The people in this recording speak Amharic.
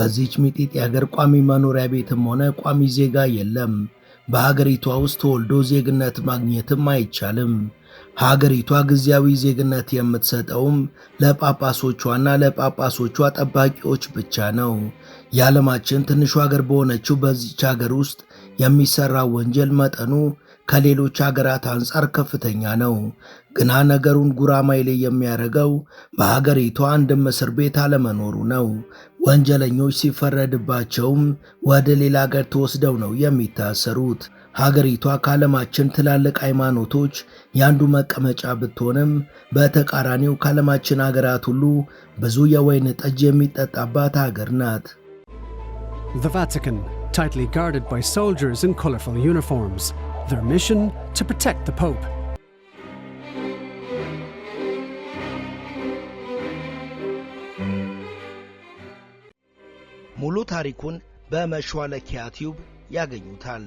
በዚች ሚጢጥ ሀገር ቋሚ መኖሪያ ቤትም ሆነ ቋሚ ዜጋ የለም። በሀገሪቷ ውስጥ ተወልዶ ዜግነት ማግኘትም አይቻልም። ሀገሪቷ ጊዜያዊ ዜግነት የምትሰጠውም ለጳጳሶቿና ለጳጳሶቿ ጠባቂዎች ብቻ ነው። የዓለማችን ትንሹ ሀገር በሆነችው በዚች ሀገር ውስጥ የሚሰራው ወንጀል መጠኑ ከሌሎች ሀገራት አንጻር ከፍተኛ ነው። ግና ነገሩን ጉራማይሌ የሚያደርገው በሀገሪቷ አንድም እስር ቤት አለመኖሩ ነው። ወንጀለኞች ሲፈረድባቸውም ወደ ሌላ ሀገር ተወስደው ነው የሚታሰሩት። ሀገሪቷ ከዓለማችን ትላልቅ ሃይማኖቶች የአንዱ መቀመጫ ብትሆንም በተቃራኒው ከዓለማችን ሀገራት ሁሉ ብዙ የወይን ጠጅ የሚጠጣባት ሀገር ናት። ቫቲካን tightly guarded by soldiers in colourful uniforms. Their mission to protect the Pope. ሙሉ ታሪኩን በመሿለኪያ ቲዩብ ያገኙታል።